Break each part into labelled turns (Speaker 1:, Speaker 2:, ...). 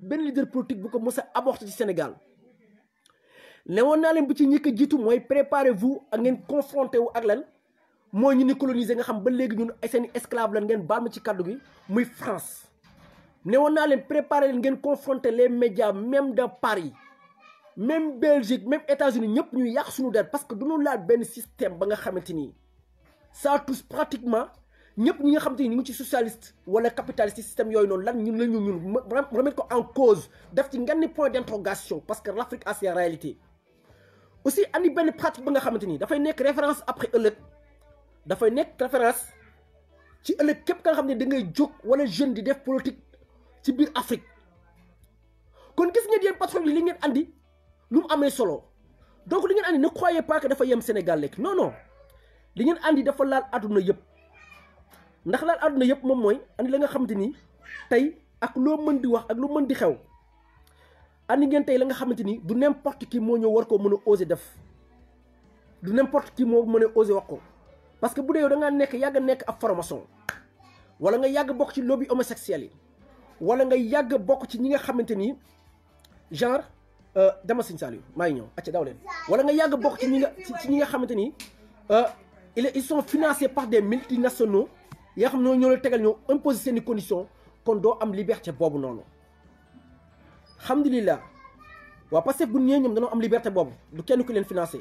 Speaker 1: benn leader politique bu ko mës a aborté ci Sénégal ne woon naa leen bu ci ñëkk jiitu mooy préparez vous ak ngeen confronté wu ak lan mooy ñu ni coloniser nga xam ba léegi ñun seen esclave lan ngeen baal ma ci kàddu gi muy France ne naa leen préparé leen ngeen confronté les médias même de Paris même Belgique même États-Unis ñëpp ñuy yàq sunu der parce que duñu laal benn système ba nga xamante nii ça touche pratiquement ñëpp ñi nga xam te ñu ngi ci socialiste wala capitaliste système yooyu noonu lan ñun la ñu ñun remettre ko en cause def ci ngeen ni point d'interrogation parce que l'Afrique a ses réalités aussi andi benn pratique ba nga xamante ni dafay nekk référence après ëllëg dafay nekk référence ci ëllëg képp ka xam ne da ngay jóg wala jeune di def politique ci biir Afrique kon gis ngeen yéen patron yi li ngeen andi lu mu amee solo donc li ngeen andi ne croyez pas que dafa yem Sénégal rek non non li ngeen andi dafa laal àdduna yëpp. ndax laal àdduna yëpp moom mooy andi la nga xamante ni tey ak loo mën di wax ak loo mën di xew andi ngeen tey la nga xamante ni du n'importe qui moo ñëw war koo mën a osé def du n'importe ki moo mën a oser wax ko parce que bu dee yow da ngaa nekk yàgg a nekk ab formation wala nga yàgg bokk ci lobby homosexuel yi wala nga yàgg bokk ci ñi nga xamante ni genre euh, dama Sëñ Saliou maa ngi ñëw acca daw leen wala nga yàgg bokk ci ñi nga ci ñi nga xamante ni euh, ils sont financés par des multinationaux yaa xam ne ñoo tegal ñoo imposer seeni i kon doo am liberté boobu noonu alhamdulilah waa parce que bu ñëwee ñoom dañoo am liberté boobu du kenn ku leen financé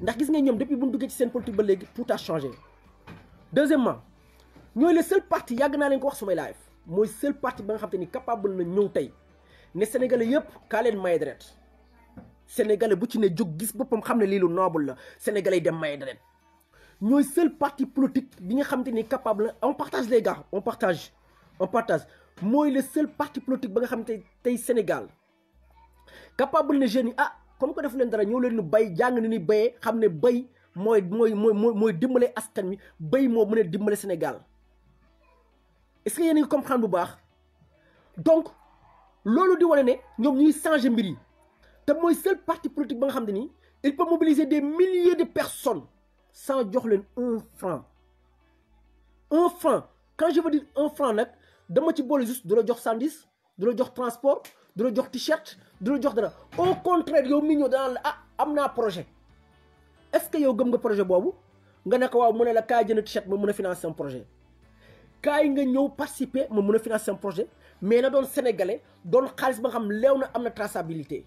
Speaker 1: ndax gis nga ñoom depuis bu ñu duggee ci seen politique ba léegi tout a changé deuxièmement ñooy le seul parti yàgg naa leen ko wax sumay live mooy seul parti ba nga xam te ni capable na ñëw tey ne sénégale yëpp kaa leen may deret sénégalais bu ci ne jóg gis boppam xam ne lii lu noble la sénégalais yi dem may deret ñooy seul parti politique bi nga xamante ni capable na on partage les gars on partage on partage mooy le seul parti politique ba nga xam xamante tey Sénégal capable ne jeunes yi ah comme que def leen dara ñëw leen nu bay jàng ni ni bayee xam ne bay mooy mooy mooy mooy dimbale askan wi bay moo mën dimbale Sénégal est-ce que yéen a ngi comprendre bu baax donc loolu di wane ne ñoom ñuy changer mbir yi te mooy seul parti politique ba nga xam ne nii il peut mobiliser des milliers de personnes sans jox leen un franc un franc quand je veux un franc nag dama ci boole juste du la jox sandis du la jox transport du la jox t-shirt du la jox dara au contraire yow mi ñëw danaan la ah am naa projet est-ce que yow gëm nga projet boobu nga ne waaw mu ne la kaay jënd t-shirt ma mën a financer sama projet kaay nga ñëw participer ma mën a finance sama projet mais na doon sénégalais doon xaalis ba nga xam leew na am na traçabilité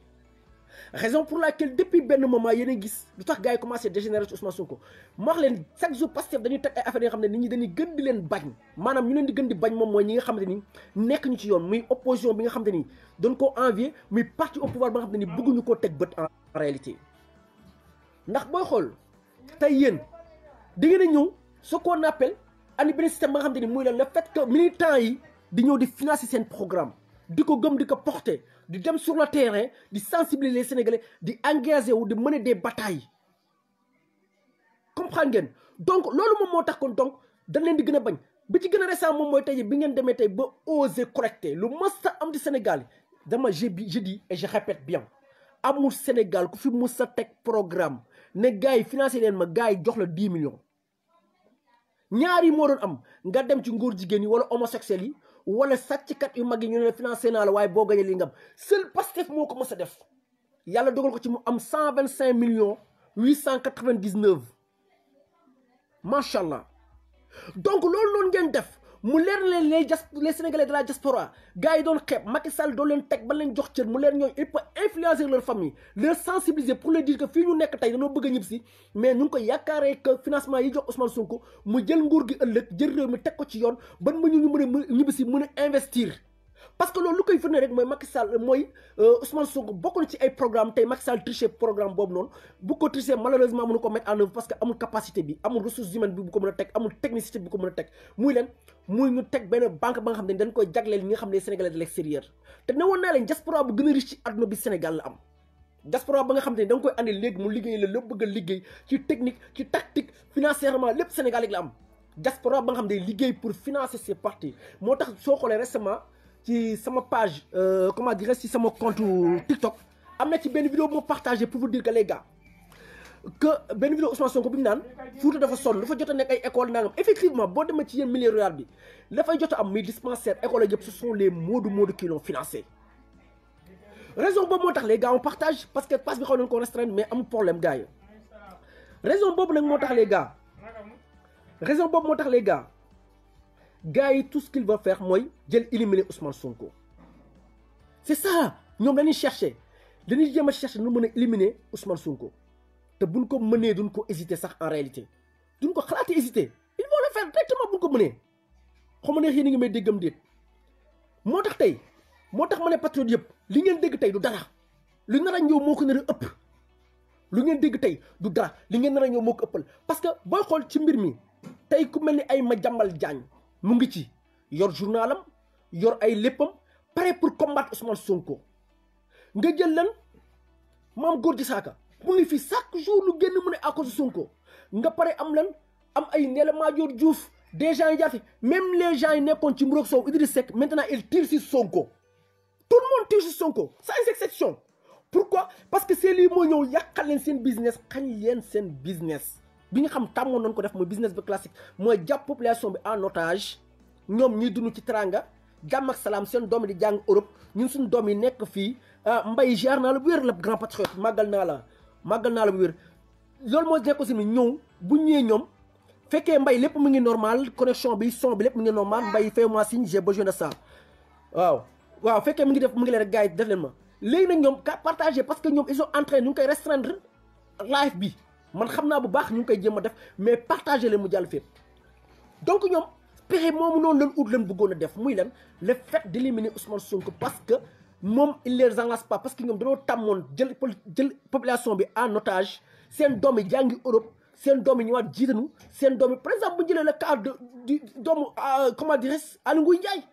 Speaker 1: raison pour laquelle depuis benn moment yéen gis lu tax gars yi commencé dégénérer ci Ousmane Sonko ma wax leen chaque jour Pastef dañuy teg ay affaires yoo xam ne nit ñi dañuy gën di leen bañ maanaam ñu leen di gën di bañ moom ñi nga xamante ni nekk ñu ci yoon muy opposition bi nga xamante ni doon koo envier muy parti au pouvoir ba nga xam ne ni bëgguñu koo teg bët en réalité ndax booy xool tey yéen di ngeen ñëw ce qu'on appelle ani benn système ba nga xamante ni muy lan le fait que militants yi di seen programme di ko gëm di ko porter di dem sur le terrain di sensibiliser les di engagé wu di mener des batailles comprendre ngeen donc loolu moom moo tax kon donc dañ leen di gën a bañ bi ci gën a récent moom mooy tey bi ngeen demee tey ba oser correcter lu mës a am ci Sénégal dama je je dis et je bien amul Sénégal ku fi mës a teg programme ne gars yi financé leen ma gars yi jox la dix millions ñaar yi moo doon am nga dem ci ngóor jigéen yi wala homosexuels yi. wala sàcckat yu mag yi ñu ne financé naa la waaye boo gañee li ngam seul Pastef moo ko mës a def yàlla dogal ko ci mu am cent vingt cinq millions huit cent quatre vingt allah donc loolu noonu ngeen def mu leer leen les jas les sénégalais de la diaspora gars yi doon xeeb Macky Sall leen teg ba leen jox cër mu leen ñooñu il peut influencer leur famille leur sensibiliser pour leur dire que fii ñu nekk tey dañoo bëgg a ñib si mais ñu ngi ko yaakaaree que financement yi jox Ousmane Sonko mu jël nguur gi ëllëg jël réew mi teg ko ci yoon ban ma ñu ñu mën a ñibbi si mën a investir parce que loolu lu koy firnde rek mooy Macky Sall mooy euh, Ousmane Sonko bokk na ci ay programme tey Macky Sall triché programme boobu noonu bu ko triché malheureusement mënu ko mettre en œuvre parce que amul capacité bi amul ressource humaine bi bu ko mën a teg amul technicité bi ko mën a teg muy leen muy ñu teg benn banque ba nga xam ne dañ koy jagleel ñi nga xam ne sénégalais de l'extérieur te ne woon naa leen diaspora bu gën a riche ci adduna bi Sénégal la mu liggéey la lépp bëgg a liggéey ci technique ci tactique financièrement am diaspora pour financer ses partis tax soo xoolee récemment ci sama page euh, comment dirais-je ci sama compte TikTok am na ci benn vidéo moo partagé pour vous dire que les que benn vidéo Ousmane Sonko bi ñu naan Fouta dafa sonn dafa jot a nekk ay école nangam effectivement boo demee ci yéen milieu rural bi dafay jot a am muy dispensaire école ak yëpp ce sont les moodu moodu qui financé raison boobu moo tax les gars partage parce que passe bi xaw nañu ko restreindre mais amul problème gars yi raison boobu nag moo tax les gars raison boobu moo tax les gars gars yi tout ce qu'il va faire mooy jël éliminer Ousmane Sonko c'est ça ñoom dañuy chercher dañuy jéem a chercher nu mën a éliminer Ousmane Sonko te buñ ko mënee duñ ko hésiter sax en réalité duñ ko xalaati hésiter ils vont le faire directement buñ ko mënee xaw ma ne yéen a ngi may déggam déet moo tax tey moo tax ma ne patriote yëpp li ngeen dégg tey du dara li nar a ñëw moo ko nar a ëpp lu ngeen dégg tey du dara li ngeen nar a ñëw moo ko ëppal parce que booy xool ci mbir mi tey ku mel ni ay Madiambal Diagne mu ngi ci yor journalam yor ay léppam prêt pour combattre Ousmane Sonko nga jël lan maam góor gi saaka mu ngi fi chaque jour lu génn mu ne à cause Sonko nga pare am lan am ay Ndella Madior Diouf des gens yi jaar fi même les gens yi nekkoon ci Mburok Sow Idriss Seck maintenant ils tirent sur Sonko tout le monde tire sur Sonko sans exception pourquoi parce que c'est lii moo ñëw yàqal leen seen business xañ leen seen business bi ñu xam tàmmoon nañ ko def mooy business bi classique mooy jàpp population bi en otage ñoom ñuy dundu ci teranga jàmm ak salaam seen doom yi di jàng Europe ñun suñu doom yi nekk fii ah, mbay jaar naa la bu wér la grand patriote màggal naa la màggal naa la bu wér loolu moo nekk aussi ni ñëw bu ñëwee ñoom fekkee mbay lépp mu ngi normal connexion bi son bi lépp mu ngi normal mbay fay moi signe j'ai besoin de ça waaw waaw fekkee mu ngi def mu ngi leen gars yi def leen ma léegi nag ñoom ka parce que ñoom ils ont ñu ngi koy restreindre live bi man xam naa bu baax ñu ngi koy jéem a def mais partager leen mu jàll fépp donc ñoom pexe moomu noonu lan ut lan bëggoon a def muy lan le fait d'éliminer Ousmane Sonko parce que moom il les enlace pas parce que ñoom dañoo tàmmoon jël jël population bi en otage seen doom yi jàngi Europe seen doom yi ñëwaat jiitanu seen doom yi par exemple bu jëlee le cas de du doomu euh, comment dire Aly Ngouille Ndiaye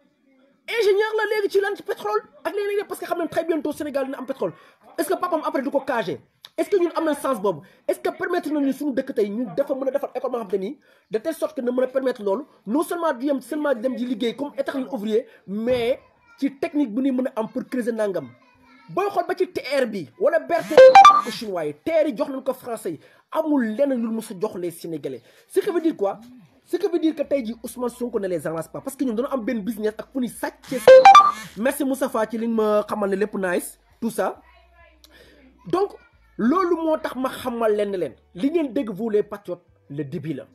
Speaker 1: ingénieur la léegi ci lan ci pétrole ak léeg-léeg parce que xam nañ très bientôt Sénégal dina am pétrole est que papam après du ko cagé est-ce que ñun am na sens boobu est-ce que permettre nañu suñu dëkk tey ñun dafa mën a defar école xam a permettre loolu non seulement di yem seulement dem ji liggéey a am pour creuser nangam booy xool ba ci bi wala BRT ko chinois yi TER yi jox nañ ko français yi amul lenn lu mu sa jox les sénégalais ce qui veut tey jii Ousmane Sonko ne les arrange pas parce que ñun dañoo ne lépp nice tout ça donc loolu moo tax ma xamal leen leen li ngeen dégg vous les patriotes le début la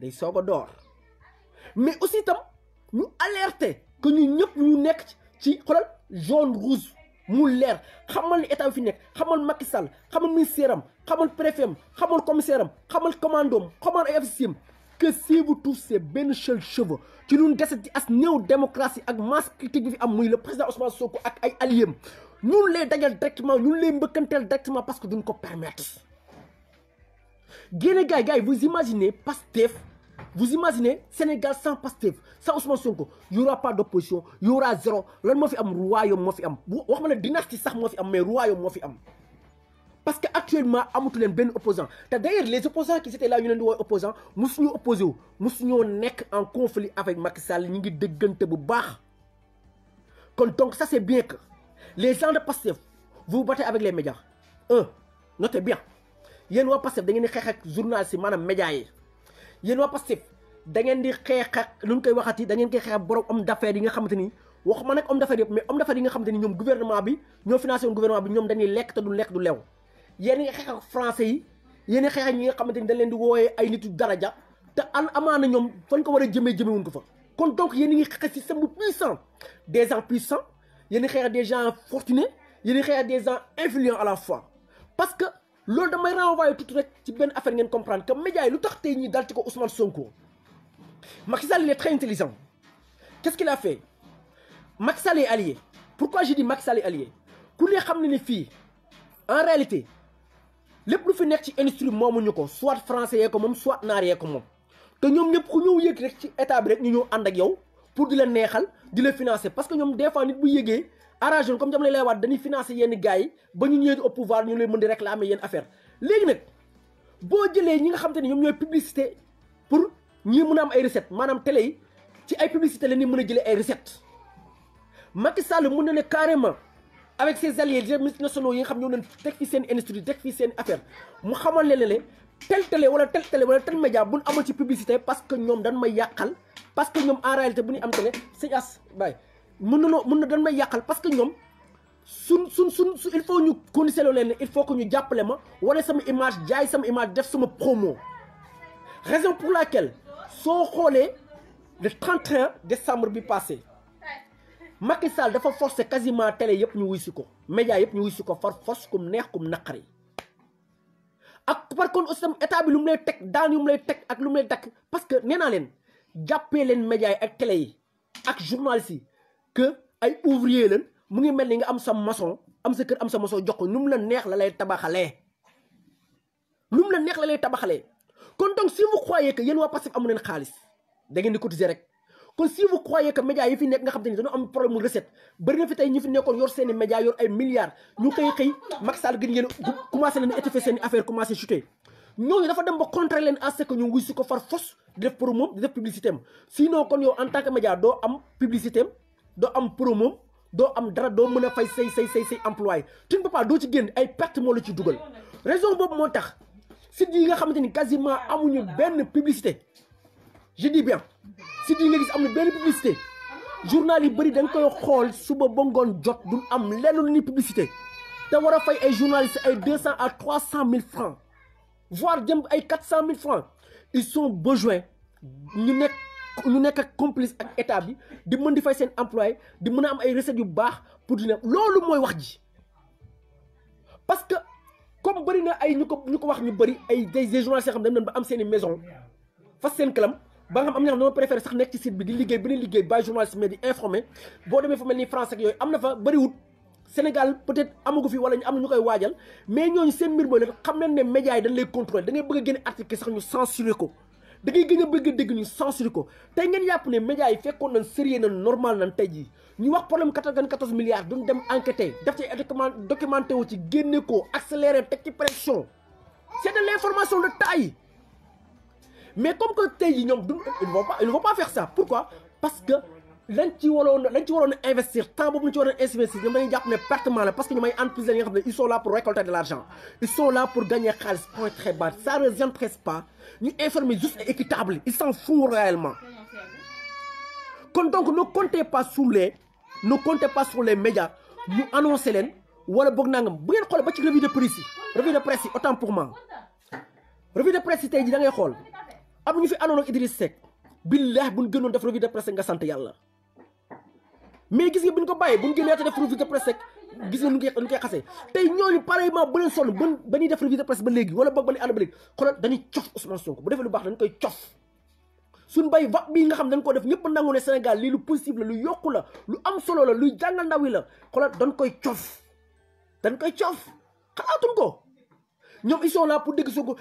Speaker 1: day soog a door mais aussi tam ñu alerter que ñu ñëpp ñu nekk ci xolal jaune rouge mu leer xamal ni état bi fi nekk xamal Macky Sall xamal ministère am xamal préfet am xamal commissaire am xamal commando am xamal ay officier am que si vous touchez benn seul cheveu ci lu ñu dese ci as néew démocratie ak masse critique bi fi am muy le président Ousmane Sonko ak ay alliés ñun lay dajal directement ñun lay mbëkkanteel directement parce que duñ ko permettre génne gars yi gars yi vous imaginez Pastef vous imaginez Sénégal sans Pastef sans Ousmane Sonko y aura pas d'opposition y aura zéro lan moo fi am royaume moo fi am wax ma ne dynastie sax moo fi am mais royaume moo fi am parce que actuellement amatu leen benn opposant te d'ailleurs les opposants qui étaient là ñu leen di wooy opposant musuñu opposé wu musuñoo nekk en conflit avec Macky Sall ñu ngi dëggante bu baax kon donc ça c'est bien les gens de Pastef vous battez avec les médias un notez bien yéen waa Pastef da ngeen di xeex ak journaliste yi maanaam médias yi yéen waa Pastef da ngeen di xeex ak lu ñu koy waxati da ngeen koy xeex ak borom homme yi nga xamante ni waxuma nag homme d'affaires yëpp mais homme d'affaires yi nga xamante ni ñoom gouvernement bi ñoo financé woon gouvernement bi ñoom dañuy lekk te du lekk du lew yéen nga xeex ak français yi yéen xeex ak ñi nga xamante ni dañ leen di wooyee ay nitu daraja te al amaana ñoom fan ko war a jëmee jëmee ko fa kon donc yéen a ngi xeex système bu puissant yéen a xeex ak des gens fortunés yéen a xeex ak des gens influents à la fois parce que loolu damay renvoyer tuuti rek ci benn affaire ngeen comprendre que média lu tax tey ñuy dal ci ko Ousmane Sonko Macky Sall il est très intelligent qu'est-ce qu'il a fait Macky Sall est allié pourquoi je dis Macky Sall est allié ku ne xam ne ne fii en réalité lépp lu fi nekk ci industrie moomuñu ko soit français yee ko moom soit naar yee ko moom te ñoom ñëpp ku ñëw yëg rek ci état rek ñu ñëw ànd ak yow. pour di la neexal di la financer parce que ñoom des fois nit bu yëgee arrangé comme jamono lay waat dañuy financer yenn gars yi ba ñu ñëwee au pouvoir ñu lay mën di réclamer yenn affaire léegi nag boo jëlee ñi nga xam te ni ñoom ñooy publicité pour ñi mën a am ay recettes maanaam télé yi ci ay publicité la ñuy mën a jëlee ay recettes Macky Sall mun na ne carrément avec ses alliés les ministres nationaux yi nga xam ñoo doon teg fi seen industrie teg fi seen affaire mu xamal leen wala tel télé wala tel média buñ amul ci publicité parce que ñoom dañ may yàqal. parce que ñoom en réalité bu ñuy am télé sëñ as bay mën na noo mën na dañ may yàqal parce que ñoom su su suñ su il faut ñu conditionné leen ne il faut que ñu jàppale ma wala sama image jaay sama image def sama promo raison pour laquelle soo xoolee le 31 décembre bi passé Macky Sall dafa forcé quasiment télé yëpp ñu wuy si ko média yëpp ñu wuy si ko far force kum neex kum naqari ak par contre aussi tam état bi lu mu lay teg daan yu mu lay teg ak lu mu lay dakk parce que nee leen jàppee leen média yi ak télé yi ak journalistes si que ay ouvrier leen mu ngi mel ni nga am sa maçon am sa kër am sa maçon jox ko nu mu la neex la lay tabaxalee nu mu la neex la lay tabaxalee kon donc si vous croyez que yéen waa Pastef amu leen xaalis da ngeen di cotiser rek kon si vous croyez que média yi fi nekk nga xam te ni dañoo am problème recette bëri na fi tey ñi fi nekkoon yor seeni média yor ay milliards ñu xëy xëy Macky Sall gën ngeen commencé nañu étouffer seeni affaire ñoo ñooñu dafa dem ba contrer leen à ce que ñu wuy si ko far fos di def promo di def publicité am sinon kon yow en tant que média doo am publicité doo am promo doo am dara doo mën a fay say say say say employé tu ne peux doo ci génn ay perte moo la ci dugal raison boobu moo tax sites yi nga xamante ni quasiment amuñu benn publicité je dis bien sites yi nga gis benn publicité journal yi bëri dañ koy xool suba ba ngoon jot du am lenn ni publicité te war a fay ay journalistes ay deux cent à trois cent mille francs voir jëm ay quatre cent mille francs ils sont besoin ñu nekk ñu nekk ak complice ak état bi di mën di fay seen employé di mën a am ay recettes yu baax pour di ne loolu mooy wax ji parce que comme bëri na ay ñu ko ñu ko wax ñu bëri ay des des journalistes yoo xam ne dañu ba am seen i maison fas seen kalam ba nga xam am na dama préféré sax nekk ci site bi di liggéey beneen liggéey bàyyi journaliste mais di informé boo demee fa mel ni France yooyu am na fa bëriwut. Sénégal peut-être amagu fi wala ñu am na ñu koy waajal mais ñooñu seen mbir mooy la xam ne médias yi dañ lay contrôler da ngay bëgg a génne article sax ñu censuré ko da ngay gën a bëgg a dégg ñu censuré ko tey ngeen yàpp ne médias yi fekkoon nañ sérieux nañ normal nañ tey jii wax problème 94 milliards duñ dem enquêter def ci documenté ci génne ko accéléré teg ci pression c'est de l'information de taille mais comme que tey jii ñoom duñ ils vont pas ils vont pas que lañ ci waroon lañ waroon a investir temps boobu ñu ci waroon a investir ñoom dañuy jàpp ne la parce que ñoom ay entreprise la nga xam ne pour récolter de l' argent pour gagner xaalis point très bas ça ne les ñu informer juste et équitable ils s'en foutent kon donc ne comptez pas sur les ne comptez pas sur les ñu annoncé leen wala boog nangam bu ngeen xool ba ci revue de presse yi revue de presse yi pour moi revue de presse tey ji da ngay xool am ñu fi àndoon ak Idriss Seck bu ñu gënoon def revue de presse sant yàlla mais gis nga bi ñu ko bàyyee bu ñu génnee te def revue de presse rek gis nga nu koy nu koy xasee tey ba bay va bii nga xam dañ ko def ñëpp nangu ne Sénégal lii lu possible la lu yokku la lu am solo la luy jàngal ndaw yi la xoolal dañ koy cof dañ koy cof xalaatuñ ko ñoom ils sont là pour dégg Sonko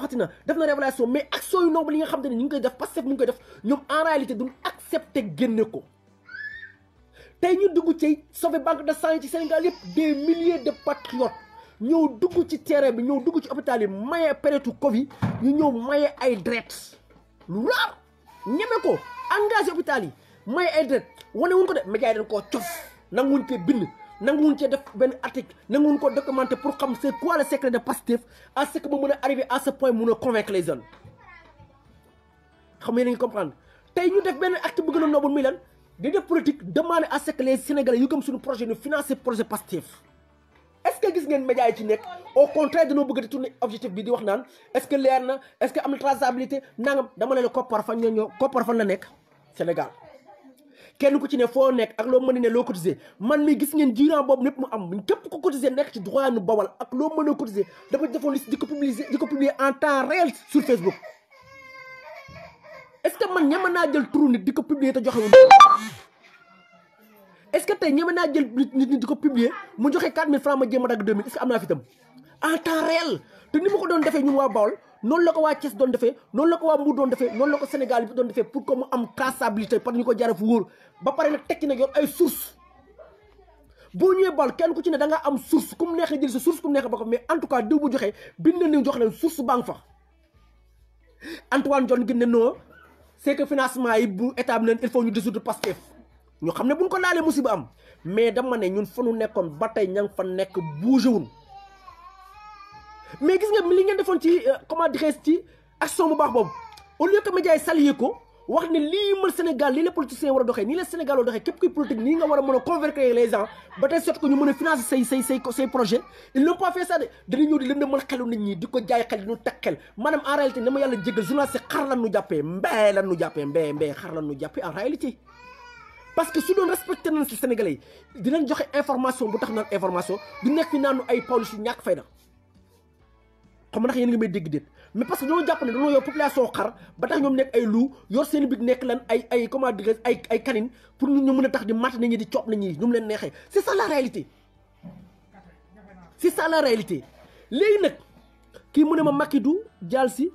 Speaker 1: ah na def na mais action yu noble li nga xam te ne ñu ngi koy def Pastef ñu ngi koy def ñoom en réalité duñ accepté génne ko tey ñu dugg ci sauver banque de sang yi ci Sénégal yëpp des milliers de patriotes ñëw dugg ci terrain bi ñëw dugg ci hôpital yi maye période Covid ñu ñëw maye ay dret lu raar ñeme ko engage hôpital yi maye ay dret wane wuñ ko de média yi dañ koo cof nanguwuñ cee bind nanguwuñ cee def benn article nanguwuñ ko documenter pour xam c'est quoi le secret de Pastef à ce que ba mën a arriver à ce point mun a convaincre xam nga yéen ngi comprendre tey ñu def benn acte bu gën a noble di def politique demander à ce que les sénégalais yu gëm suñu projet ñu financer projet Pastef est-ce que gis ngeen médias yi ci nekk au contraire dañoo bëgg di tourner objectif bi di wax naan est que leer na est que am na traçabilité nangam dama leen koppar fan ñoo koppar fan la nekk Sénégal kenn ku ci ne foo nekk ak loo mën a ne loo cotiser man mi gis ngeen jiran boobu népp mu am képp ko cotiser nekk ci droit nu bawal ak loo mën a cotiser dafa defoon liste di ko publier di est-ce que man ñeme naa jël turu nit di ko publier te joxe wu est-ce que tey ñeme naa jël nit nit di ko publier mu joxe 4000 francs ma jéem a dagg 2000 est-ce que am naa fi itam en temps réel te ni ma ko doon defee ñun waa Baol noonu la ko waa Thiès doon defee noonu la ko waa Mbour doon defee noonu la ko Sénégal bi doon defee pour que mu am traçabilité par ñu ko jaaree fu wóor tekki nag yor ay source boo ñëwee Baol kenn ku ci ne da ngaa am source ku mu neexee jël sa source ku mu neexee ba ko en tout cas diw bu joxe bind nañu jox leen source baa nga fa Antoine John gi ne noo c'est que financement yi bu état bi leen il faut ñu dissoudre Pastef ñu xam ne buñ ko laalee musiba am mais dama ne ñun fa nu nekkoon ba tey ña ngi fa nekk bougé wuñ mais gis nga li ngeen defoon ci euh, comment di xees ci action bu baax boobu au lieu que jaay yi saluer ko. wax ne lii mën Sénégal lii la politicien war a doxee nii la Sénégal a doxee képp kuy politique nii nga war a mën a convaincre les gens ba tey sot ko ñu mën a financer say say say say projet ils n'ont pas xelu nit di ko jaay xel di ñu teg xel maanaam en réalité na ma yàlla jégal journaliste xar lan nu jàppee mbee lan nu jàppee mbee mbee xar lan nu jàppee en réalité parce que su doon respecté nañ si Sénégalais yi dinañ joxe information bu tax naan information du nekk fi naanu ay police yu ñàkk fay na xam nga yéen nga may mais parce que ñoo jàpp ne dañoo yor population xar ba tax ñoom nekk ay loup yor seen big nekk lan ay ay comment dire ay ay canine pour ñu ñu a tax di mat nañu di coob nañu ñu mu leen neexee c'est ça la réalité c'est ça la réalité léegi nag kii mu ne ma Macky du jaal si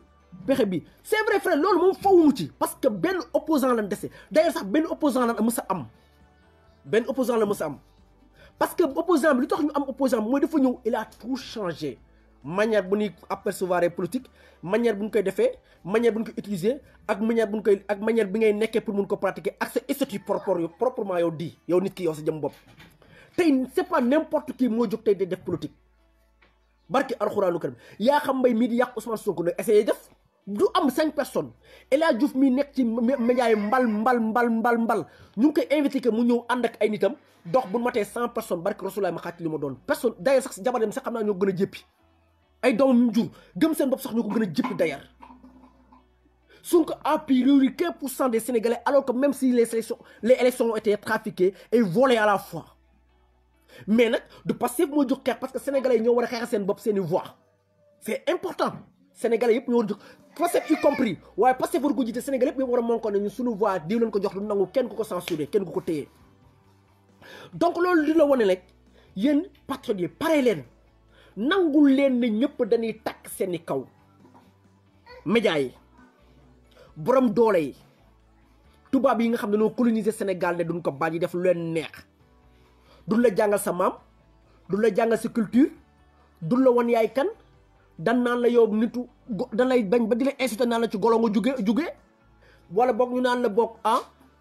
Speaker 1: pexe bi c'est vrai frère loolu moom fawumu ci parce que benn opposant lan dese d'ailleurs sax benn opposant lan mës a am benn opposant la mës a am parce que opposant bi li tax ñu am opposant bi mooy dafa ñëw il a changé manière bu ñuy apercevoir politique manière bu ñu koy defee manière bu ñu koy utiliser ak manière bu ñu koy ak manière bi ngay nekkee pour mun ko pratiquer ak sa statut propre proprement yow di yow nit ki yow sa jëm bopp. tey c'est pas n'importe qui moo jóg tey def politique barki alxuraanu karim yaa xam mbay mii di yàq Ousmane Sonko nag essayé def du am cinq personnes El Hadj nekk ci média yi mbal mbal mbal mbal mbal ñu ngi koy invité mu ñëw ànd ak ay nitam dox bu matee cent personnes barki rasulaay ma xaaj a jéppi ay doomam jur gëm seen bopp sax ñu ko gën a jëpp d'ailleurs Sonko a pris quinze pour cent des Sénégalais alors que même si les élections les élections ont été trafiquées et à la fois mais nag du Pastef mooy jóg xeex parce que sénégalais ñoo war a xeexal seen bopp seen i voix c'est important sénégalais yëpp ñoo war a jóg Pastef y compris waaye Pastef war ko jiite sénégalais yëpp ñoo war a monkoo ne ñun suñu voix diw leen ko jox du nangu kenn ku ko censuré kenn ku ko téye donc loolu dina wane rek yéen patriotes yi pare leen. nangul leen ne ñëpp dañuy takk seeni kaw média yi borom doole yi tubaab yi nga xam ne noo coloniser Sénégal ne duñ ko bañ yi def lu leen neex duñ la jàngal sa maam duñ la jàngal sa culture duñ la wan yaay kan dan naan la yow nitu dan lay bañ ba di la incité naan la ci golo nga juge jugee wala boog ñu naan la boog ah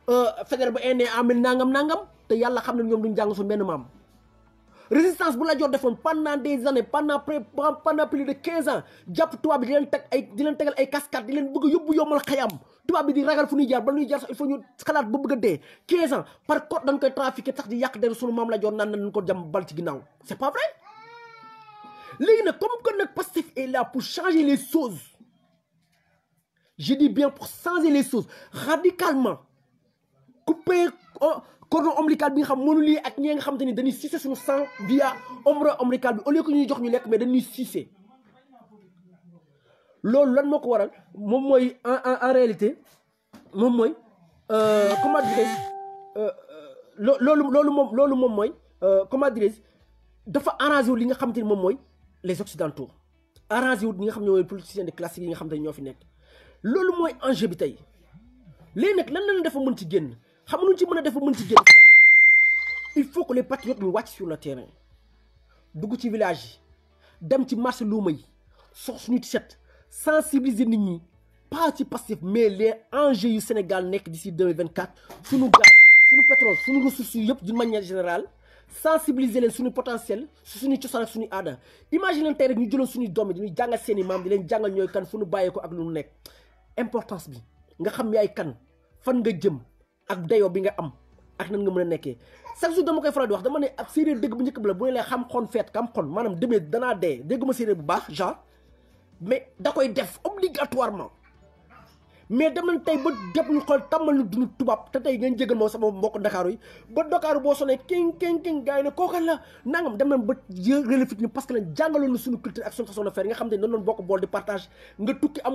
Speaker 1: euh, fédéral ba ennee amil nangam nangam te yàlla xam ne ñoom duñ jàng su benn maam résistance bu Lat Joor defoon pendant des années pendant près pendant plus de quinze ans jàpp tubaab bi di leen teg ay di leen tegal ay cascade di leen bëgg a yóbbu yombal xayam tubaab bi di ragal fu ñuy jaar ba ñuy jaar sax il faut ñu xalaat ba bëgg a dee quinze ans par code dañ koy trafiqué sax di yàq der sunu maam Lat Joor naan nañ ko jam bal ci c'est pas vrai léegi nag comme que nag Pastef et là pour changer les choses je dis bien pour changer les choses cordon ombilical bi nga xam mënu lii ak ñi nga xam te ni dañuy sucer suñu sang via ombre ombilical bi au ñuy jox ñu lekk mais dañuy sucer loolu lan moo ko waral moom mooy en en réalité moom mooy euh, comment dirais-je euh, euh, loolu moom loolu mooy comment dirais-je dafa arrangé li nga xam te ni moom mooy les occidentaux arrangé wu li nga xam ne mooy politiciens de classe yi nga xam te ni ñoo fi nekk loolu mooy enjeu bi tey léegi nag lan lañ dafa mën ci génn. xam nga ci mën a def mën ci génn il faut que les patriotes ñu wàcc sur le terrain dugg ci village yi dem ci marché lu may sox suñu t-shirt sensibiliser nit ñi pas ci passif mais les enjeux yu Sénégal nekk d'ici 2024 suñu gaz suñu pétrole suñu ressources yi yëpp du manière général sensibiliser leen suñu potentiel su suñu cosaan ak suñu aada imagine leen tey rek ñu jëloon suñu doom yi dañuy jàngal seeni i maam di leen jàngal ñooy kan fu ñu bàyyee ko ak lu nekk importance bi nga xam yaay kan fan nga jëm ak dayoo bi nga am ak nan nga mën a nekkee chaque jour dama koy faral di wax dama ne ak séeréer dëgg bu njëkk bi la bu ne lay xam xon feet kam xon maanaam demee danaa dee dégguma séeréer bu baax genre mais da koy def obligatoirement mais dem nañ tey ba def ñu xool tàmmal ñu tubaab te tey ngeen jégal moom sama mbokk Dakar yi ba Dakar boo sonee king king king gars yi ne kooka la nangam dem nañ ba relafit ñu parce que lañ jàngaloon na suñu culture ak suñu façon de faire nga xam te ne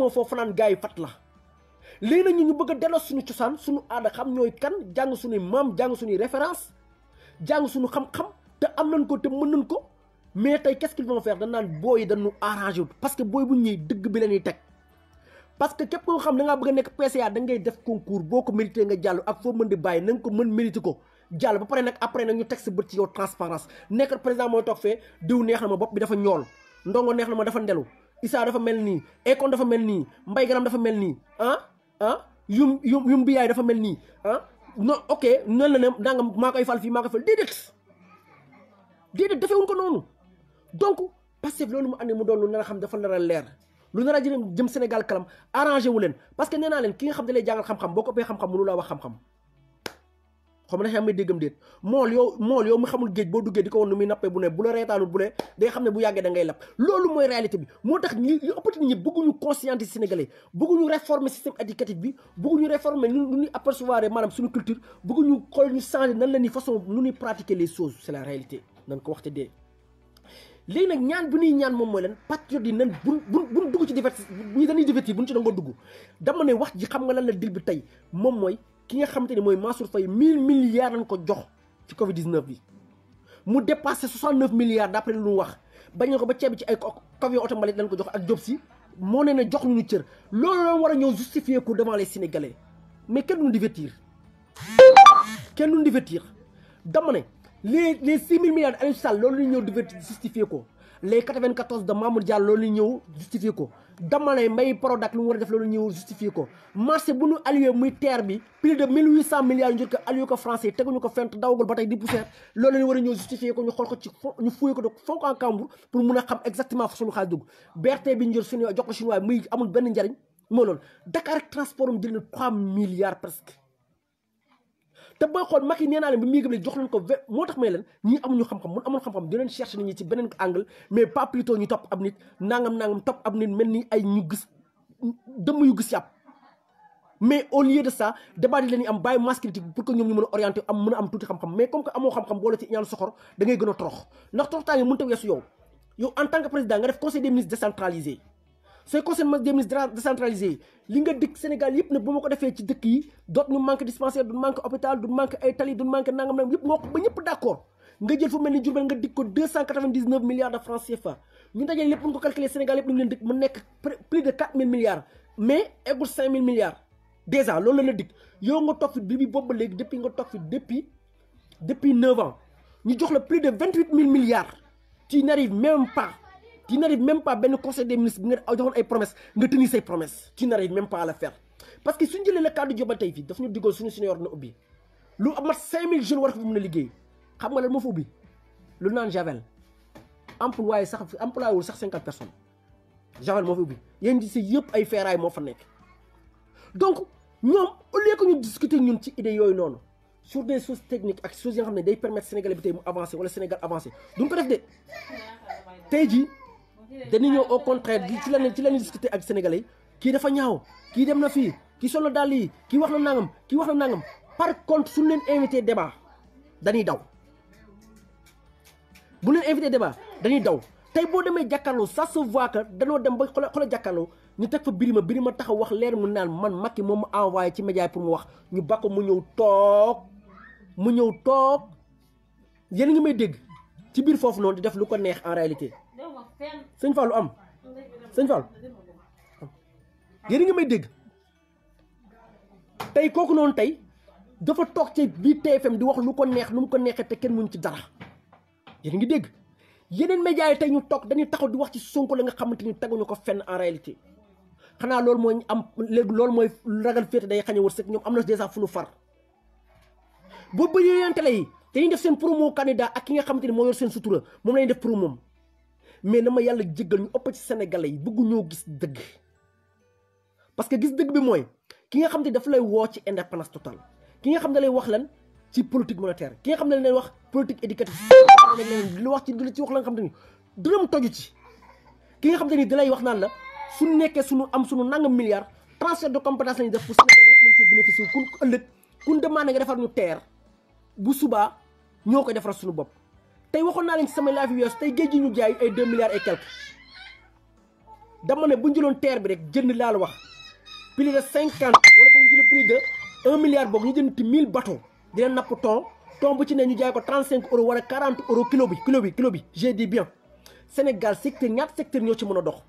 Speaker 1: foofu fanaan gars yi fat la léegi nag ñu ñu bëgg a delloo suñu cosaan suñu aada xam ñooy kan jàng suñuy maam jàng suñuy référence jàng suñu xam-xam te am nañ ko te mën nañ ko mais tey qu'est-ce qu'ils vont faire dañ naan booy dañu arrangé wut que booy bu ñuy dëgg bi la ñuy teg parce que képp koo xam da ngaa bëgg a nekk PCA da ngay def concours boo ko mérité nga jàll ak foo mën di bàyyi na ko mën mérité ko jàll ba pare nag après nag ñu teg si bët ci yow transparence nekk président mooy toog fee diw neex na ma bopp bi dafa ñool ndongo neex na ma dafa ndelu Issa dafa mel nii Ekon dafa mel nii Mbaye Garam dafa mel nii ah ah yum yum yum bi yaay dafa mel nii ah non ok noonu na ne danga maa koy fal fii maa koy fal déedéet déedéet defewuñ ko noonu donc Pastef loolu mu andi mu doon lu nar a xam dafa nar a leer lu nar a jëm Sénégal kalam arrangé wu leen parce que nee naa leen ki nga xam da lay jàngal xam-xam boo ko bee xam-xam mënu laa wax xam-xam xam na xam may déggam déet mool yow mool yow mu xamul géej boo duggee di ko won nu muy nappee bu ne bu la reetaanul bu ne day xam ne bu yàggee da ngay lap loolu mooy réalité bi moo tax ñi ñu ëppati ñi bëgguñu conscientiser sénégalais bëgguñu réformer système éducatif bi bëgguñu réformer nu ñuy apercevoir maanaam suñu culture bëgguñu xool ñu changer nan la ñuy façon nu ñuy pratiquer les choses c'est la réalité nan ko waxte dee léegi nag ñaan bu ñuy ñaan moom mooy lan patriote yi nan bu bu buñ dugg ci divertir ñi dañuy divertir buñ ci nangoo dugg dama ne wax ji xam nga lan la dil tey moom mooy ki nga xamante ni mooy Mansour Faye mille milliards ko jox ci Covid 19 bi mu dépassé 69 milliards d' après lu wax bañ ko ba ceeb bi ci ay camion oto mbalit lañ ko jox ak job si moo ne ne jox lu ñu cër loolu la war a ñëw justifier ko devant les Sénégalais mais kenn duñu divertir kenn duñu divertir dama ne les les 6 mille milliards de Aliou Sall loolu la ñuy ñëw divertir justifier ko les de Mamour Diallo loolu la ñëw justifier ko. dama ne mbay Prodac lu mu war a def loolu ñëw justifié ko marché bu ñu alloué muy terre bi plus de mille huit cent milliards yu njëkk a alloué ko français yi teguñu ko fent dawagul ba tey di poussière loolu ñu war a ñëw justifié ko ñu xool ko ci ñu fuyee ko de foo ko encombre pour mun a xam exactement fa suñu xaalis dugg BRT bi njër suñu jox ko chinois muy amul benn njariñ moo loolu Dakar ak transport mu jël na trois milliards presque te booy xool Macky nee naa leen bi muy gëm jox leen ko moo tax may leen ñi amuñu xam-xam mun amoon xam-xam di leen cherche nit ñi ci beneen angle mais pas plutôt ñu topp ab nit nangam nangam topp ab nit mel ni ay ñu gis dëmm yu gis yàpp mais au lieu de ça débat yi la ñuy am bàyyi masse critique pour que ñoom ñu mën a orienté am mën am tuuti xam-xam mais comme que amoo xam-xam boole ci ñaan soxor da ngay gën a torox ndax toroxtaange mënut a weesu yow yow en sooy conseil des ministres décentralisé yi li nga dikk Sénégal yëpp na bu ma ko defee ci dëkk yi doot ñu manque dispensaire du manque hôpital du manque ay tali du manque nangam nangam yëpp nga wax ba ñëpp d' accord nga jël fu mel ni Diourbel nga dikk ko milliards de francs CFA ñu dajale lépp ñu ko calculer Sénégal yëpp dañ leen dikk mu nekk plus de milliards mais eggul milliards déjà loolu la dikk yow nga toog fi bi boobu léegi depuis jox la plus de vingt-huit mille milliards tu Tu n'arrives même pas, ben conseil des ministres, ay promesses, ne tenir ses promesses. Tu n'arrives même pas à le faire. Parce que si nous avons le cas de Diobal Taïfi, nous avons dit que nous avons dit que nous avons 5000 jeunes qui ont été en train de se faire. Le nom Javel, y a des fa nek. Donc, nous, au lieu que nous discutions ñun ci idée yoy non sur des choses techniques ak choses yi nga xamné day permettre sénégalais bi tay mu avancer wala sénégal avancer. Duñ ko def dé. Tay dañu ñëw au contraire ci la ci la ñu ak sénégalais kii dafa ñaaw kii dem na fii kii solo dàll yi kii wax na nangam kii wax na nangam par su suñu leen invité débat dañuy daw bu leen invité débat dañuy daw tey boo demee jàkkaarloo ça se voit que danoo dem ba xoola xoola jàkkaarloo ñu teg fa birima birima taxaw wax leer mu naan man Macky moom mu envoyé ci média pour mu wax ñu bàkk mu ñëw toog mu ñëw toog yéen ngi may dégg ci biir foofu noonu di def lu ko neex en réalité sëñ Fallou am sëñ Fallou yéen nga may dégg tey kooku noonu tey dafa toog ci biir TFM di wax lu ko neex lu mu ko neexee te kenn mun ci dara yéen ngi dégg yeneen médias yi tey ñu toog dañuy taxaw di wax ci Sonko la nga xamante ni teguñu ko fenn en réalité xanaa loolu mooy am léegi loolu mooy ragal féete day xañ a wërsëg ñoom am na déjà fu nu far boo bëri yeneen télé yi dañuy def seen promo candidat ak ki nga xamante ni moo yor seen sutura moom lañuy def promo mais na ma yàlla jéggal ñu ëpp ci sénégalais yi bëggu ñoo gis dëgg parce que gis dëgg bi mooy ki nga xam ne dafa lay woo ci indépendance totale ki nga xam ne lay wax lan ci politique monétaire ki xam ne lay wax politique éducative di wax ci di ci wax la nga xam te ni dërëm toju ci ki nga xam te ni dalay wax naan la suñu nekkee suñu am suñu nangam milliard transfert de compétence lañu def pour sénégalais yëpp mën ci bénéficier kun ëllëg kun demandé nga defar ñu terre bu subaa ñoo koy defar suñu bopp tey waxoon naa leen ci sama live tey géej gi ñu jaay ay deux milliards et dama ne bu ñu jëloon terre bi rek jënd laal wax plus de cinquante wala bu ñu jëlee plus de un milliard boog ñu jënd ci dina napp ton ton bu ci ne ñu jaay ko trente cinq euros wala quarante euros kilo bi kilo bi kilo bi j'ai dit bien Sénégal secteur ñaata secteur ñoo ci mën a dox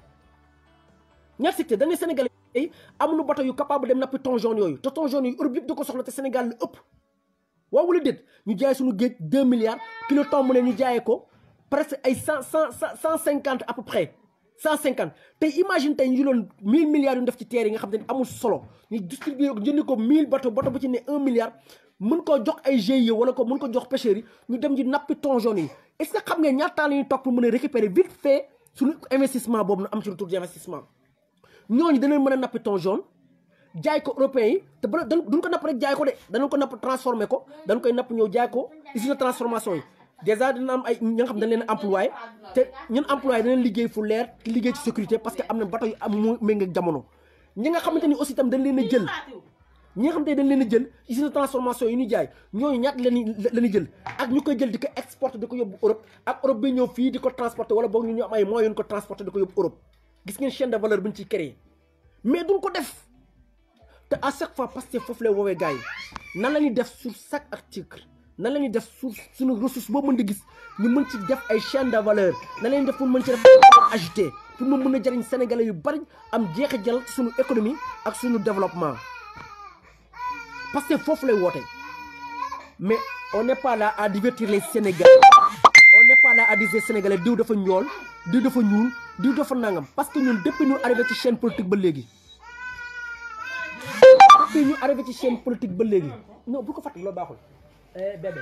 Speaker 1: ñaata secteur dañuy Sénégal tey amuñu bateau yu capable dem nappi ton jaune yooyu te ton jaune yooyu Europe yëpp da ko soxla te Sénégal lu ëpp. waaw wala déet ñu jaay suñu géej deux milliards kilo tomb ne ñu jaayee ko presque ay cent cent cent cinquante à peu cent cinquante tey imagine tey ñu doon mille milliards yu ñu def ci teer yi nga xam te ne amul solo ñu distribué ko jëndi ko mille bateau bateau bu ci ne un milliard mën koo jox ay GIE wala ko mën ko jox pêcheurs ñu dem ji nappi thon jaune yi est ce xam ngeen ñaata temps la ñuy mën a récupérer vite fait suñu investissement boobu na am ci retour d'investissement ñooñu danañ mën a nappi thon jaay ko européen yi te ba duñ ko napp rek jaay ko de danañ ko napp transformé ko dañ koy napp ñëw jaay ko usine de yi dèjà dina am ay ñi nga xam dañ leen employé te ñun employé danañ fu leer liggéey ci sécurité parce que am na bato yu am mu méngeeg jamono ñi nga xamante ni aussi tam dañ leen a jël ñi nga xam te dañ leen a jël usine yi ñu jaay ñooñu ñaata lañu lañu jël ak ñu koy jël di ko exporté di ko yóbbu Europe ak Europe bi ñëw fii di ko transporté wala boog ñu ñu am ay moyens ko transporté di ko yóbbu Europe gis ngeen chaîne de valeur bu ñu ciy créé mais duñ ko def te à chaque fois Pastef foofu lay woowee gay yi nan la ñuy def sur chaque article nan la ñuy def sur suñu ressource boo mën di gis ñu mën ci def ay chaine de valeur nan la def pour mën ci def agité pour mu mën a jëriñ sénégalais yu bari am jeexital ci suñu économie ak suñu développement Pastef foofu lay woote mais on n'est pas là à divertir les sénégalais on n'est pas là à dire sénégalais diw dafa ñool diw dafa ñuul diw dafa nangam parce que ñun dépp ñu arrivé ci chaîne politique ba léegi depuis ñu arrivé ci seen politique ba léegi non bu ko fàtte loolu baaxul eh, bébé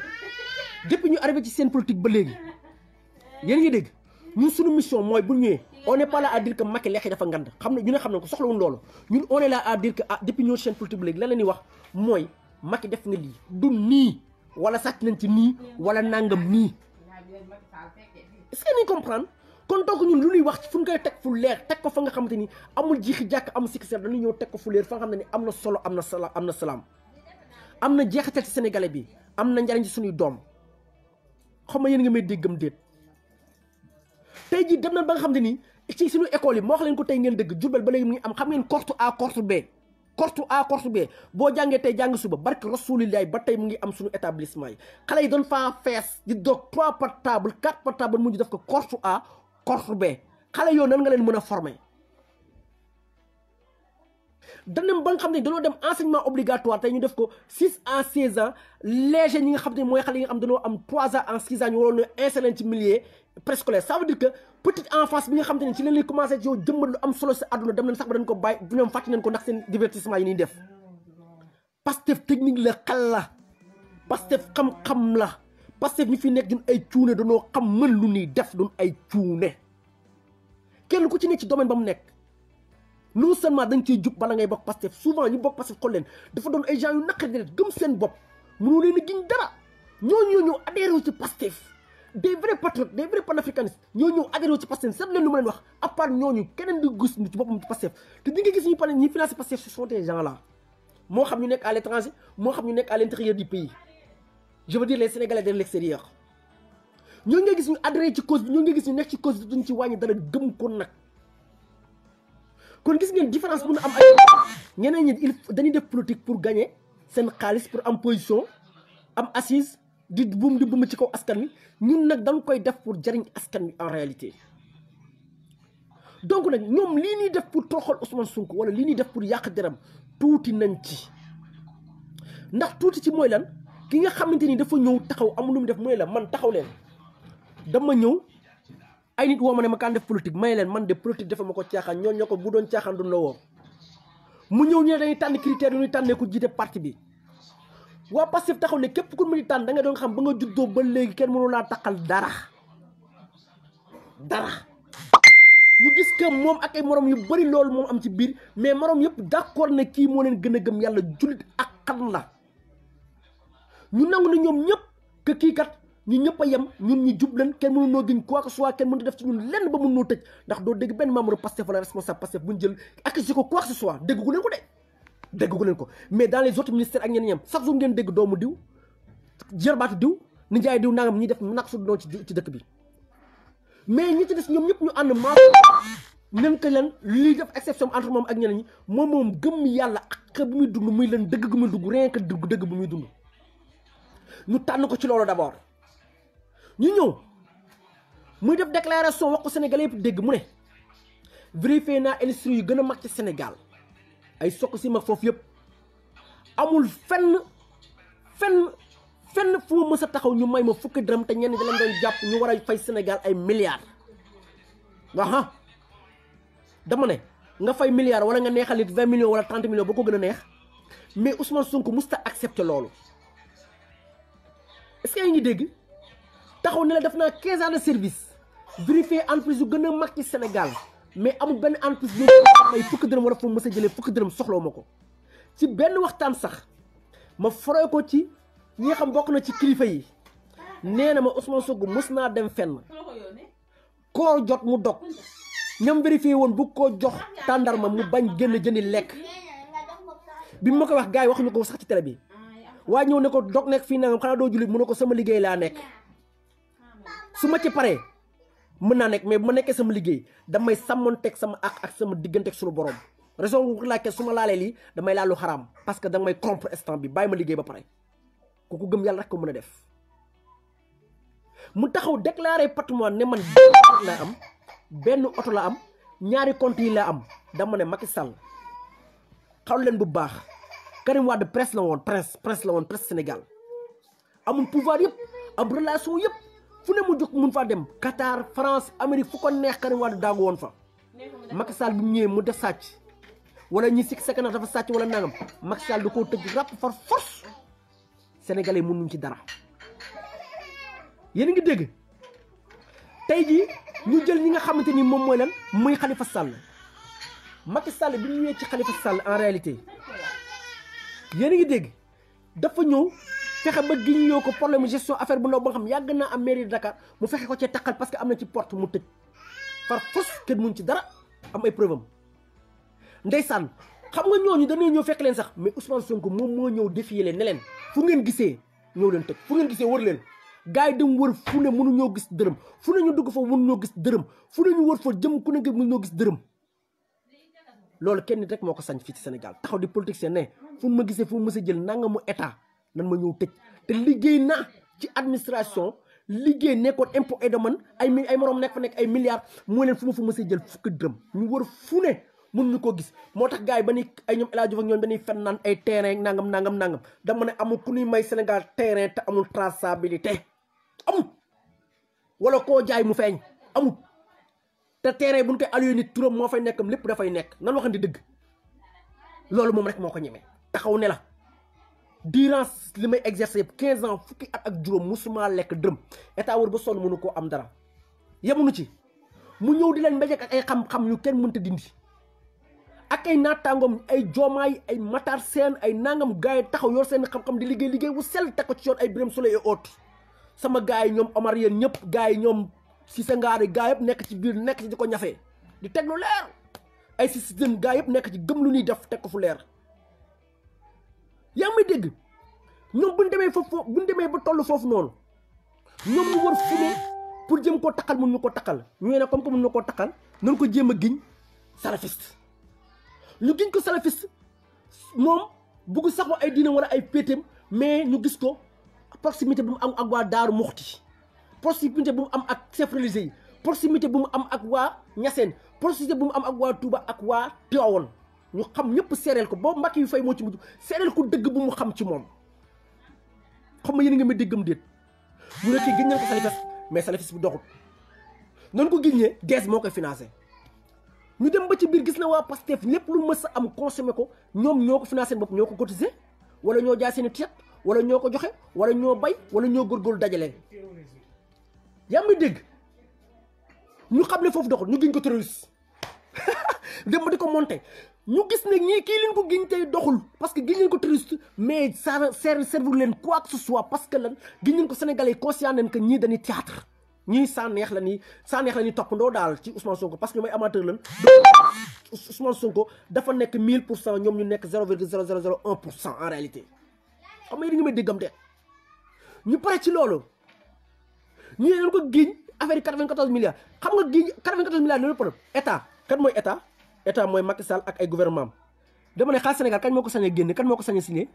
Speaker 1: depuis ñu arrivé ci seen politique ba léegi yéen ngi dégg ñun sunu mission mooy bu ñëwee on n'est pas là à dire que Macky leexi dafa ngand xam ne ñu ne xam ne ko soxlawuñ loolu ñun on est là à dire ah, ñoo seen politique ba léegi lan la ñuy wax mooy Macky def nga lii du nii wala sàcc nañ ci nii wala nangam nii est-ce que ñu comprendre kon donc ñun lu ñuy wax fu ñu koy teg fu leer teg ko fa nga xamante ni amul jiixi jàkk amul sikki seer dañuy ñëw teg ko fu leer fa nga xamante ni am na solo am na sala am na salaam am na jeexital ci sénégalais bi am na njariñ ci suñuy doom xam nga yéen nga may déggam déet tey jii dem na ba nga xamante ni ci suñu école yi moo wax ko tey ngeen dëgg Jurbel ba léegi mu ngi am xam ngeen kortu A corte B corte A corte B boo jàngee tey jàng suba barke rasulillahi ba tey mu ngi am suñu établissement yi xale yi doon faa fees di doog trois par table quatre par table mujj def ko corte A contre bee xale yooyu nan nga leen mën a former dañu ba nga xam ne dañoo dem enseignement obligatoire tey ñu def ko six à seize ans léger ñi nga xam ne mooy xale yi nga xam dañoo am trois ans en six ans ñu waroon a installé ci milieu préscolaire ça veut dire que petite enfance bi nga xam ne ci leen lay commencé ci yow jëmbat lu am solo si àdduna dem nañ sax ba dañ ko bàyyi bu ñoom fàtte nañ ko ndax seen divertissement yi ñuy def Pastef technique la xel la xam-xam la Pastef ñu fi nekk dun ay cuune danoo xam mën lu ñuy def dun ay cuune kenn ku ci nekk ci domaine ba mu nekk non seulement dañ ciy jub bala ngay bokk Pastef souvent ñu bokk Pastef xool leen dafa doon ay gens yu naqari deret gëm seen bopp mënoo leen a giñ dara ñooñu ñoo adhéré wu ci Pastef des vrais patriotes des vrais panafricanistes ñoo ñëw adhéré ci Pastef seet leen lu ma leen wax à part ñooñu keneen di gis ñu ci boppam ci Pastef te di nga gis ñu pare ñi financé Pastef ce sont des gens là moo xam ñu nekk à l'étranger moo xam ñu nekk à l'intérieur du pays je veux dire les sénégalais de l'extérieur ñoo nga gis ñu adhéré ci cause bi ñoo nga gis ñu nekk ci cause bi duñ ci wàññi dara gëm ko nag kon gis ngeen différence bu nu am ay ñi il dañuy def politique pour gagner seen xaalis pour am position am assise di buum di buum ci kaw askan wi ñun nag dañ koy def pour jariñ askan wi en réalité donc nag ñoom lii ñuy def pour tooxal Ousmane Sonko wala li ñuy def pour yàq deram tuuti nañ ci ndax tuuti ci mooy lan ki nga xamante ni dafa ñëw taxaw amul lu mu def mooy la man taxaw leen dama ñëw ay nit woo ma ne ma kaan def politique may leen man de politique dafa ma ko caaxaan ñoo ñoo ko bu doon caaxaan duñ la woo mu ñëw ñu ne tànn critères yu ñuy tànnee ku jiite parti bi waa Pastef taxaw ne képp ku mën di tànn da nga doon xam ba nga juddoo ba léegi kenn mënu laa taqal dara dara ñu gis que moom ak ay morom yu bari loolu moom am ci biir mais morom yëpp d'accord na kii moo leen gën a gëm yàlla jullit ak xam la ñu nangu ne ñoom ñëpp que kii kat ñu ñëpp yem ñun ñu jub leen kenn mënu noo giñ quoi que soit kenn mënu def ci ñun lenn ba mën noo tëj ndax doo dégg benn membre Pastef wala responsable Pastef bu ñu jël accusé ko quoi que ce dégg gu leen ko de dégg gu leen ko mais dans les autres ministères ak ñenn ñam chaque jour ngeen dégg doomu diw diw nijaay diw nangam def naq su doon ci ci dëkk bi mais ñi ci des ñoom ñëpp ñu ànd maa nen ko leen lii def exception entre moom ak ñeneen ñi moom moom gëm yàlla ak bi muy dund muy leen dëgg gu muy dugg rien que dëgg bu muy dund ñu tànn ko ci loolu d'abord ñu ñëw muy def déclaration wax ko Sénégalais yëpp dégg mu ne vérifié naa industrie yu gën a mag ci senegal ay sokk si mag foofu yëpp amul fenn fenn fenn fu ma mës a taxaw ñu may ma fukki dërëm te ñenn di leen jàpp ñu war a fay senegal ay waa aha dama ne nga fay milliards wala nga neexalit vingt millions wala trente boo ko gën a neex mais Ousmane Sonko musta accepté loolu est-ce ngi dégg taxaw ne la def naa 15 ans de service vérifier entreprise yu gën a mag ci senegal mais amul benn entreprise bi may fukki dërëm wala fu mës a jëlee fukki dërëm soxlaw ko ci benn waxtaan sax ma foroy ko ci ñi xam bokk na ci kilifa yi nee na ma Ousmane Sonko mës naa dem fenn koo jot mu dog ñam vérifié woon bu ko jox tàndarma mu bañ génn jëndi lekk bi ma ko wax gars yi waxuñu ko sax ci télé bi. waa ñëw ne ko dog nekk fii nangam xanaa doo jullit mu ne ko sama liggéey laa nekk su ma ci paree mën naa nekk mais bu ma nekkee sama liggéey damay teg sama ak ak sama digganteeg suñu borom raison bu laajte su ma laalee lii damay laalu xaraam parce que damay rompre instant bi bàyyi ma liggéey ba pare ku ko gëm yàlla rek ko mën a def mu taxaw déclaré patrimoine ne man laa am benn oto la am ñaari compte yi laa am dama ne Macky xaw leen bu baax. Karim Wade presse la woon presse presse la woon presse Sénégal amul pouvoir yëpp am relation yëpp fu ne mu jóg mun faa dem Qatar France Amérique fu ko neex Karim Wade daagu woon fa Macky Sall bi mu ñëwee mu def sàcc wala ñi si sekk na dafa sàcc walla nangam Macky Sall da koo tëgg ràpp far force sénégalais mënuñ ci dara yéen a ngi dégg tey jii ñu jël ñi nga xamante ni moom mooy lan muy Khalifa Sall Macky Sall bi ñu ñëwee ci Khalifa Sall en réalité yéen a ngi dégg dafa ñëw fexe ba giñ ñoo ko problème gestion affaire bu ndaw ba xam yàgg naa am mairie de Dakar mu fexe ko cee takkal parce que am na ci porte mu tëj par force kenn mun ci dara am ay preuve am ndeysaan xam nga ñooñu dañuy ñëw fekk leen sax mais Ousmane Sonko moom moo ñëw défier leen ne leen fu ngeen gisee ñëw leen tëj fu ngeen gisee wër leen gars yi dem wër fu ne mënuñoo gis dërëm fu ne ñu dugg fa mënuñoo gis dërëm fu ne ñu wër fa jëm ku ne mënu gis dërëm loolu kenn nit rek moo ko sañ fii ci Sénégal taxaw di politicien ne fu ma gisee fu ma mësa jël nanga mu état nan ma ñëw tëj te liggéey naa ci administration liggéey nekkoon impôt et domaine ay ay moroom nekk fa nekk ay milliards mooy leen fu ma fu mësa jël fukki dërëm ñu wër fu ne mën ñu ko gis moo tax gars yi ba ni ay ñoom El Hadj Diouf ak ñoom dañuy fen naan ay terrain nangam nangam nangam dama ne amul ku ñuy may Sénégal terrain te amul traçabilité amul wala koo jaay mu feeñ amul te terrain bu ñu koy alloué nit moo fay nekkam lépp dafay nekk nan waxante dëgg loolu moom rek moo ko ñemee taxaw ne la durant li may exercer yëpp 15 ans fukki at ak juróom musuma lekk dërëm état wër ba sonn mënu koo am dara yemuñu ci mu ñëw di leen mbéjek ak ay xam-xam yu kenn mënta dindi ak ay tàngoom ay joomaay ay matar seen ay nangam gars yi taxaw yor seen xam-xam di liggéey liggéey bu sell teg ko ci yoon ay biram soleil et autres sama gars yi ñoom Omar ñëpp gars yi ñoom si sa ngaari gaa yëpp nekk ci biir nekk ci di ko ñafee di teg lu leer ay si seen gaa yëpp nekk ci gëm lu ñuy def teg ko fu leer yaa may dégg ñoom bu ñu demee foofu bu ñu demee ba toll foofu noonu ñoom ñu war fu ne pour jëm koo takkal mun ñu ko takkal ñu ne comme que mun ñu koo takkal nañ ko jéem a giñ salafiste ñu giñ ko salafiste moom bugg saxoo ay diine wala ay péeteem mais ñu gis ko proximité bi mu am ak waa Daaru Muxti proximité bu mu am ak chef religieux yi proximité bu mu am ak waa Ñaseen proximité bu mu am ak waa Touba ak waa Tiwaawoon ñu xam ñëpp seereel ko boo Mbacke yu fay moo ci mujj seereel ko dëgg bu mu xam ci moom xam ma yéen nga ma déggam déet mu ne kii gis nañ ko salafis mais salafis bu doxut noonu ko gis ne gees moo koy financé ñu dem ba ci biir gis na waa Pastef lépp lu mës a am consommé ko ñoom ñoo ko financé bopp ñoo ko cotisé wala ñoo jaay seen i wala ñoo ko joxe wala ñoo bay wala ñoo góorgóorlu dajale yaa ngi dégg ñu xam ne foofu doxul ñu giñ ko terroriste dem ba di ko monté ñu gis ne ñii kii leen ko giñ tey doxul parce que giñ leen ko terroriste mais ça servir leen quoi que parce que lan giñ leen ko sénégalais conscient nañ que ñii dañuy théâtre ñii sànneex la ni sànneex la ni toppandoo daal ci Ousmane Sonko parce que may amateur lan Ousmane Sonko dafa nekk mille pour cent ñoom ñu nekk 0,0001 pour cent en réalité xam nga yéen ñu may déggam de ñu pare ci loolu. ñu ne ko giñ affaire yi 94 milliards xam nga giñ 94 milliards loolu problème état kan mooy état état mooy Macky Sall ak ay gouvernement dama ne xaalis Sénégal moo ko sañ génne kan moo ko sañ a signé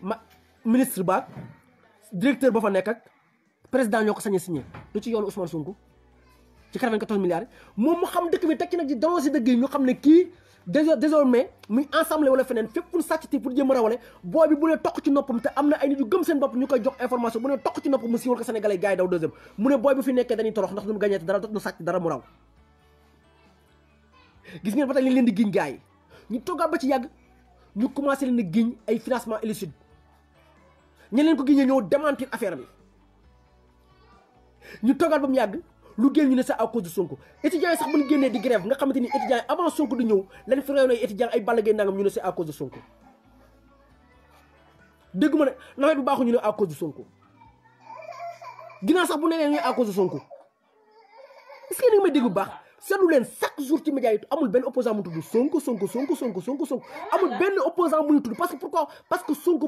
Speaker 1: ma ministre baak directeur ba fa nekk ak président ñoo ko sañ a signé lu ci yoonu Ousmane Sonko ci 94 milliards yi moom mu xam dëkk bi tekki nag ci daloo si dëgg yi ñu xam ne kii désormais muy ensemble wala feneen fépp fu ñu sàcc ti pour jéem a rawale booy bi bu ne toq ci noppam te am na ay nit yu gëm seen bopp ñu koy jox information bu ne toq ci noppam mu siiwal ko sénégalais gars yi daw deuxième mu ne booy bi fi nekkee dañuy torox ndax duñu gagné dara dootuñu sàcc dara mu raw gis ngeen ba tey liñ leen di giñ gaay ñu toggaat ba ci yàgg ñu commencé leen a giñ ay financement illicite ñe leen ko giñee ñëw démentir affaire ñu toggaat ba yàgg lu génn ñu ne sax à cause de Sonko étudiants yi sax bu ñu génnee di grève nga xamante ni étudiants yi avant Sonko di ñëw lañ fi réew ay ay Balla Gaye nangam ñu ne c'est à cause dégg ma ne nawet bu baaxul ñu ne à cause de Sonko sax bu ne leen ñu à cause de Sonko est-ce que ni may baax seetlu leen chaque jour ci média yi amul benn opposant mu tudd Sonko Sonko Sonko Sonko parce que pourquoi parce que Sonko